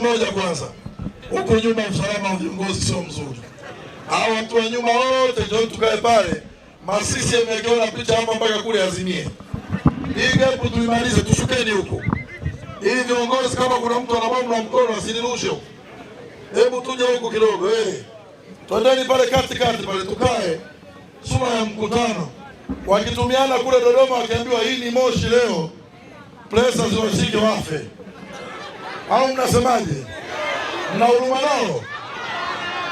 moja kwanza, huko nyuma usalama wa viongozi sio mzuri. Hao watu wa nyuma wote ndio tukae pale Masisi, yamegeona picha hapa mpaka kule azimie. Hii gapu tuimalize, tushukeni huko Hii viongozi, kama kuna mtu ana bomu na mkono asinirushe Hebu tuje huko kidogo eh, twendeni pale kati kati pale tukae, Suma ya mkutano wakitumiana kule Dodoma, wakiambiwa hii ni moshi leo, presa ziwashike wafe au mnasemaje? Mna huruma nao?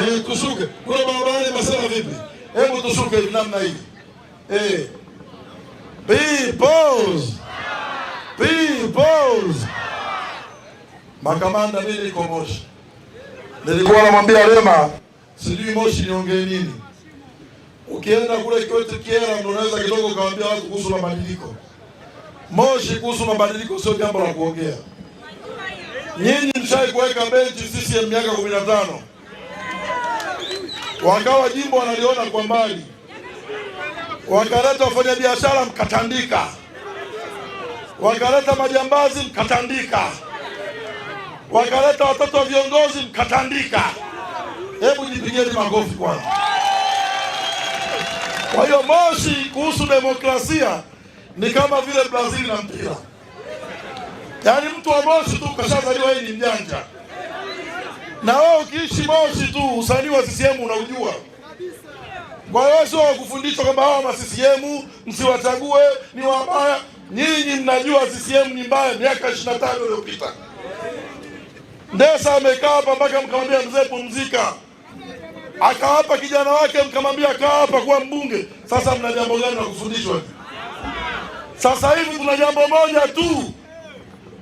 E, eh, tushuke kuna barabara masema vipi? Hebu tushuke namna hii e. Peoples. Peoples. Makamanda, mimi niko Moshi, nilikuwa namwambia Rema sijui Moshi niongee nini. Ukienda kule Kiwete Kiera, ndio unaweza kidogo ukawambia watu kuhusu mabadiliko Moshi, kuhusu mabadiliko sio jambo la kuongea. Nyinyi mshai kuweka benchi CCM miaka kumi na tano, wakawa jimbo wanaliona kwa mbali, wakaleta wafanyabiashara mkatandika, wakaleta majambazi mkatandika, wakaleta watoto wa viongozi mkatandika. Hebu jipigeni makofi kwanza. Kwa hiyo Moshi kuhusu demokrasia ni kama vile Brazil na mpira. Yaani mtu wa bosi tu kashazaliwa yeye ni mjanja, na wewe ukiishi Moshi tu usanii wa CCM unaujua. Kwa hiyo sio wakufundishwa kwamba hawa ma CCM msiwachague ni wabaya. Nyinyi mnajua CCM ni mbaya, miaka 25 iliyopita. Ndesa amekaa hapa mpaka mkamwambia mzee pumzika, akaapa kijana wake mkamwambia kaa hapa kuwa mbunge. Sasa mna jambo gani la kufundishwa? Sasa hivi kuna jambo moja tu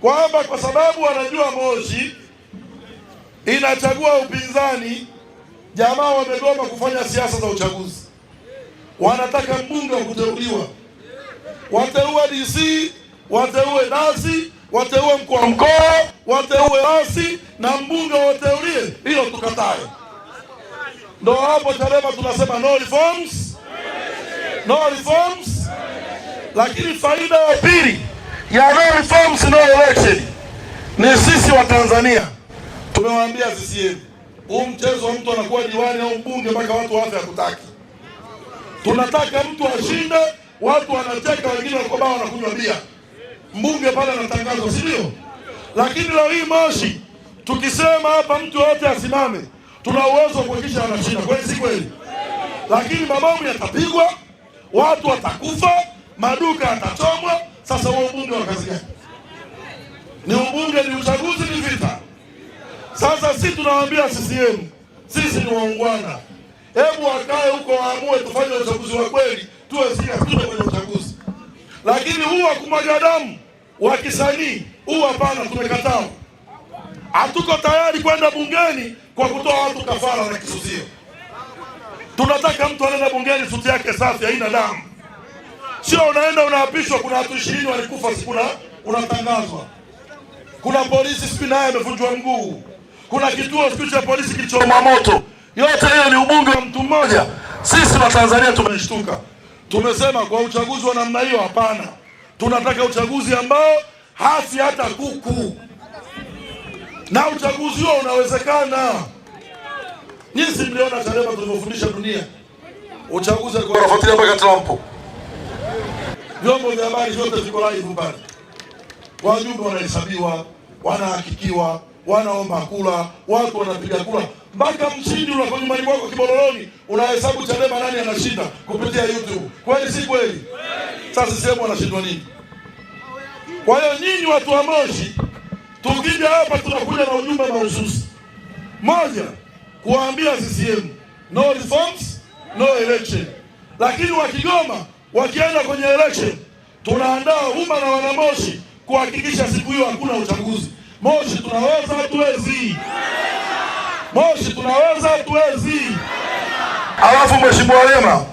kwamba kwa sababu wanajua Moshi inachagua upinzani, jamaa wamegoma kufanya siasa za uchaguzi, wanataka mbunge wa kuteuliwa, wateue DC, wateue dasi, wateue mkuu wa mkoa, wateue asi na mbunge wateulie. Hilo tukatae. Ndo hapo Chadema tunasema no reforms, no reforms. Lakini faida ya pili ya no reforms no election ni sisi wa Tanzania tumewaambia CCM, huu mchezo wa mtu anakuwa diwani au mbunge mpaka watu wafe hakutaki. Tunataka mtu ashinde, wa watu wanacheka, wengine walikoba wanakunywa bia, mbunge pale anatangazwa, si ndio? Lakini leo hii Moshi tukisema hapa mtu yoyote asimame, tuna uwezo wa kuhakikisha anashinda kweli si kweli? Lakini mabomu yatapigwa, watu watakufa, maduka yatachomwa sasa huo ubunge wa kazi gani? Ni ubunge, ni uchaguzi, ni vita. Sasa sisi tunawaambia CCM, sisi ni waungwana, hebu wakae huko waamue, tufanye uchaguzi wa kweli, tuwe tuwe kwenye uchaguzi. Lakini huu wa kumwaga damu wa kisanii huu, hapana, tumekataa. Hatuko tayari kwenda bungeni kwa kutoa watu kafara na kisuzio. Tunataka mtu anaenda bungeni suti yake safi, haina damu sio unaenda unaapishwa, kuna watu ishirini walikufa siku unatangazwa. Kuna polisi siku naye amevunjwa mguu, kuna kituo siku cha polisi kilichoma moto. Yote hiyo ni ubunge wa mtu mmoja. Sisi tanzania tumeshtuka, tumesema kwa uchaguzi wa namna hiyo hapana. Tunataka uchaguzi ambao hafi hata kuku, na uchaguzi huo unawezekana. Nyinyi mliona Chadema tulivyofundisha dunia uchaguzi, alikuwa anafuatilia mpaka Trump vyombo vya habari vyote viko live pale, wajumbe wanahesabiwa, wanahakikiwa, wanaomba kula, watu wanapiga kula, mpaka mshindi unako nyumbani kwako Kibololoni unahesabu Chadema nani anashinda kupitia YouTube. Kweli si kweli? Sasa sehemu wanashindwa nini? Kwa hiyo nyinyi watu wa Moshi, tukija hapa tunakuja na ujumbe mahususi moja, kuwaambia CCM no reforms no election, lakini wa Kigoma wakienda kwenye election, tunaandaa umma na wanamoshi kuhakikisha siku hiyo hakuna uchaguzi. Moshi tunaweza, hatuwezi? Moshi tunaweza, hatuwezi? Alafu mheshimiwa Lema,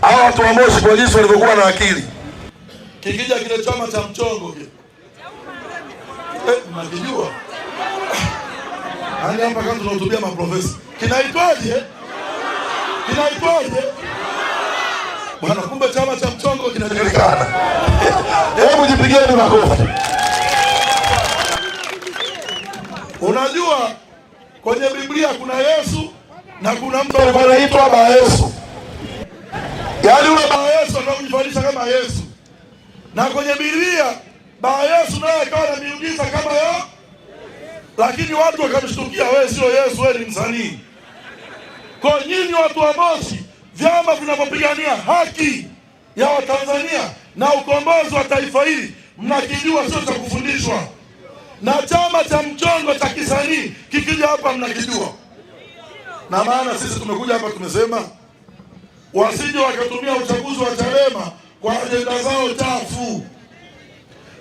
hawa watu wa Moshi kwa jinsi walivyokuwa na akili, kikija kile chama cha mchongo eh, mnakijua hapa kama tunahutubia maprofesa, kinaitwaje? Kinaitwaje? bwana, kumbe chama cha mchongo kinajulikana. Hebu jipigieni makofi. Unajua kwenye Biblia kuna Yesu na kuna mtu alikuwa anaitwa Baba Yesu, yaani yule Baba Yesu anakujifanisha kama Yesu, na kwenye Biblia Baba Yesu naye akawa na kama yo, lakini watu wakamshtukia, wewe sio Yesu, wewe ni msanii. Kwa nyinyi watu wa Moshi vyama vinavyopigania haki ya Watanzania na ukombozi wa taifa hili mnakijua, sio cha kufundishwa. Na chama cha mchongo cha kisanii kikija hapa mnakijua, na maana sisi tumekuja hapa tumesema wasije wakatumia uchaguzi wa Chadema kwa ajenda zao chafu.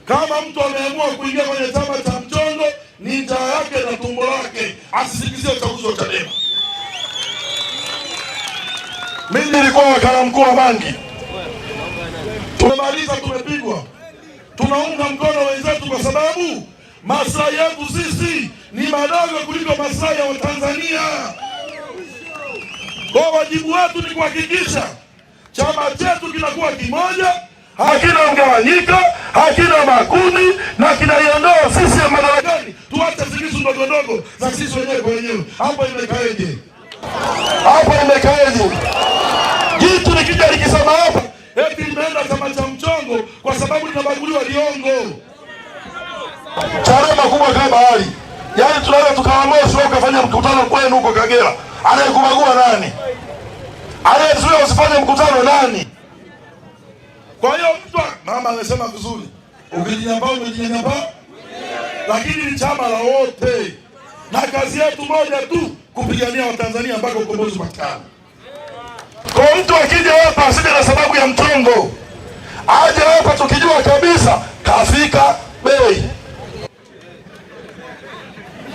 Kama mtu ameamua kuingia kwenye chama cha mchongo, ni njaa yake na tumbo lake, asisikizie uchaguzi wa Chadema. Mimi nilikuwa wakala mkuu wa bangi, tumemaliza, tumepigwa. Tunaunga mkono wenzetu kwa sababu maslahi yetu sisi ni madogo kuliko maslahi ya Watanzania. Kwa wajibu wetu ni kuhakikisha chama chetu kinakuwa kimoja, hakina mgawanyiko, hakina makundi na kinaiondoa sisi ya madarakani. Tuache zilizo ndogo ndogo za sisi wenyewe kwa wenyewe. Hapo imekaeje? Hapo imekaeje? sababu tunabaguliwa liongo. Chadema kubwa kama bahari, yaani tunaweza tukaamua sio ukafanya mkutano kwenu huko Kagera, anayekubagua nani? Anayezuia usifanye mkutano nani? Kwa hiyo mtu mama amesema vizuri, ukijinyambaa umejinyambaa, lakini ni chama la wote na kazi yetu moja tu kupigania Watanzania mpaka ukombozi upatikane. Kwa mtu akija hapa asije na sababu ya mchongo aje hapa tukijua kabisa kafika bei.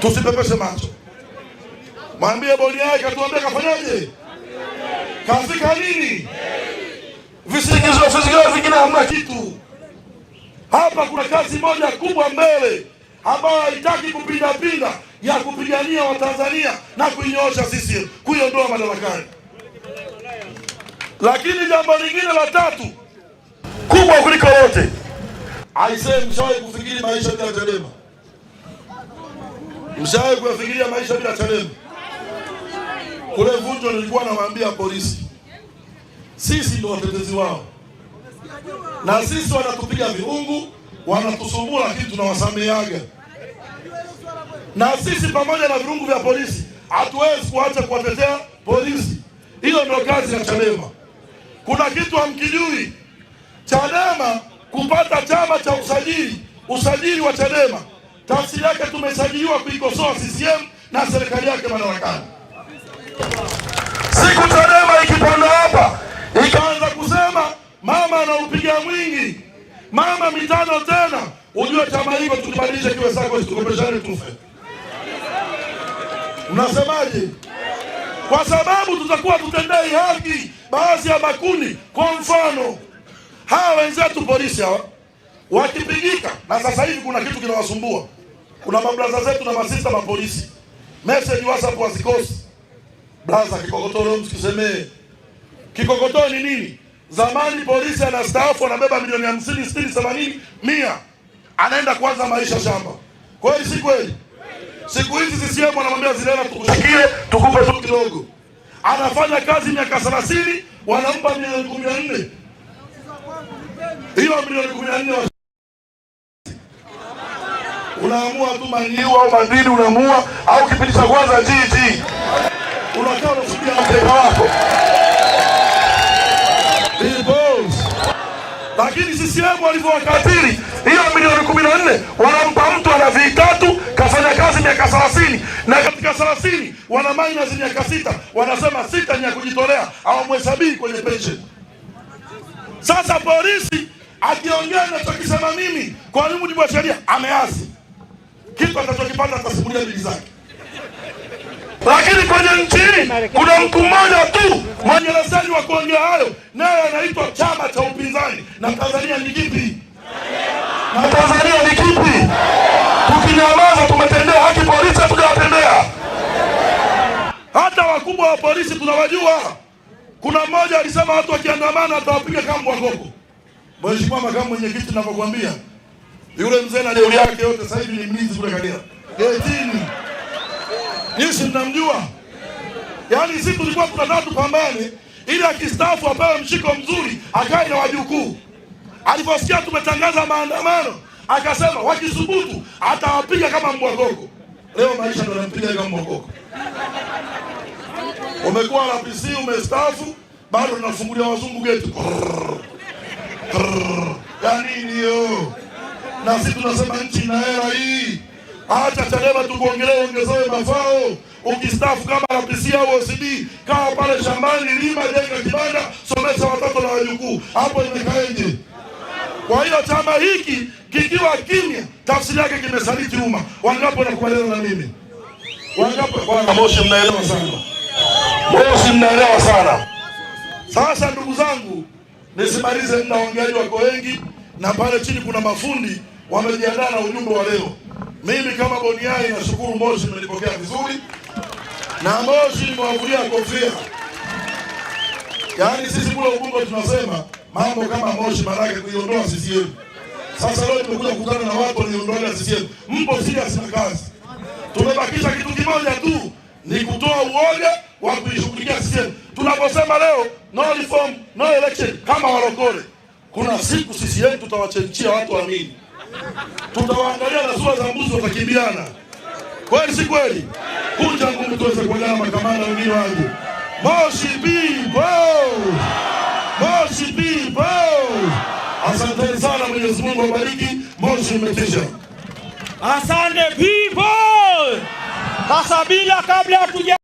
Tusipepeshe macho, mwambie bodi yake atuambie kafanyaje, kafika nini. Visingizio visingizio vingine hamna kitu hapa. Kuna kazi moja kubwa mbele ambayo haitaki kupindapinda ya kupigania Watanzania na kuinyoosha sisi, kuiondoa madarakani. Lakini jambo lingine la tatu kubwa kuliko wote. Aisee, mshawahi kufikiri maisha bila Chadema? Mshawahi kuyafikiria maisha bila Chadema? Kule Vunjo nilikuwa nawaambia polisi, sisi ndio watetezi wao, na sisi wanatupiga viungu, wanatusumbua, lakini tunawasameheaga. Na sisi pamoja na virungu vya polisi hatuwezi kuacha kuwatetea polisi. Hiyo ndio kazi ya Chadema. Kuna kitu hamkijui Chadema kupata chama cha usajili, usajili wa Chadema tafsiri yake tumesajiliwa kuikosoa CCM na serikali yake madarakani. Siku Chadema ikipanda hapa ikaanza kusema mama anaupiga mwingi, mama mitano tena, ujue chama hicho tukibadilisha kiwe sako, tukopeshane tufe. Unasemaje? Kwa sababu tutakuwa tutendei haki baadhi ya makundi, kwa mfano hawa wenzetu polisi hawa wakipigika, na sasa hivi kuna kitu kinawasumbua. Kuna mablaza zetu na masista polisi, message WhatsApp wazikosi. Blaza kikokotoo msikisemee. Kikokotoo ni nini? Zamani polisi anastaafu anabeba milioni hamsini, sitini, themanini, mia, anaenda kuanza maisha shamba. Kweli si kweli? Siku hizi sisiemu anamwambia Zilela, tukushikie tukupe tu kidogo. Anafanya kazi miaka thelathini, wanampa milioni kumi na nne hiyo milioni kumi na nne unaamua tu maniwa au madini unaamua au kipindi cha kwanza jiji, unakaa unasubia mteja wako lakini CCM walivyowakatili hiyo milioni kumi na nne wanampa mtu ana vitatu kafanya kazi miaka thelathini na katika thelathini wana minus miaka sita wanasema sita ni ya kujitolea, hawamhesabii kwenye pensheni. Sasa polisi akiongea nachokisema mimi kwa mujibu wa sheria ameasi, kitu atachokipata atasimulia bibi zake. Lakini kwenye nchi hii kuna mtu mmoja tu mwenye leseni wa kuongea hayo, naye anaitwa chama cha upinzani. Na Tanzania ni kipi? Na Tanzania ni kipi? Tukinyamaza tumetendea haki polisi, tunawatendea hata wakubwa wa polisi tunawajua. Kuna mmoja alisema watu wakiandamana atawapiga kambwa gogo. Mheshimiwa makamu mwenyekiti, ninavyokuambia yule mzee na leo yake yote sasa hivi ni mlinzi kule Kagera getini. Yesu tunamjua. yaani sisi tulikuwa tunataka tupambane ili akistaafu apewe mshiko mzuri akae na wajukuu. Aliposikia tumetangaza maandamano akasema wakisubutu atawapiga kama mbwa gogo. Leo maisha ndo anampiga kama mbwa gogo. Umekuwa RPC umestafu, bado tunafungulia wazungu geti. Ya nini yo? Na sisi tunasema nchi na hela hii. Acha Chadema tukuongelee, ongezewe mafao. Ukistafu kama RPC au OCD, kaa pale shambani, lima, jenga kibanda, somesha watoto na wajukuu. Hapo imekaeje? Kwa hiyo chama hiki kikiwa kimya, tafsiri yake kimesaliti umma. Wangapo nakubaliana na mimi? Wangapo? Bwana Moshe, mnaelewa sana. Leo si mnaelewa sana. Sasa ndugu zangu, nisimalize, mna waongeaji wako wengi na pale chini kuna mafundi wamejiandaa na ujumbe wa leo. Mimi kama Boniai nashukuru Moshi, mmenipokea vizuri na Moshi nimewavulia kofia. Yaani sisi kule Ubungo tunasema mambo kama Moshi maraka kuiondoa yetu. Sasa leo nimekuja kukutana na watu waliondoa yetu. Mpo serious na kazi. Tumebakisha kitu kimoja tu ni kutoa uoga wa kuishughulikia CCM. Tunaposema leo no reform no election kama Walokole, kuna siku CCM tutawachenchia watu amini, tutawaangalia na sura za mbuzi watakimbiana. Kweli si kweli? Kuja ngumu tuweze kuagana makamanda wengine wangu. Moshi Moshi sana, Mwenyezi Mungu awabariki. Moshi umetisha. Asante people. Sasa bila kabla hatuja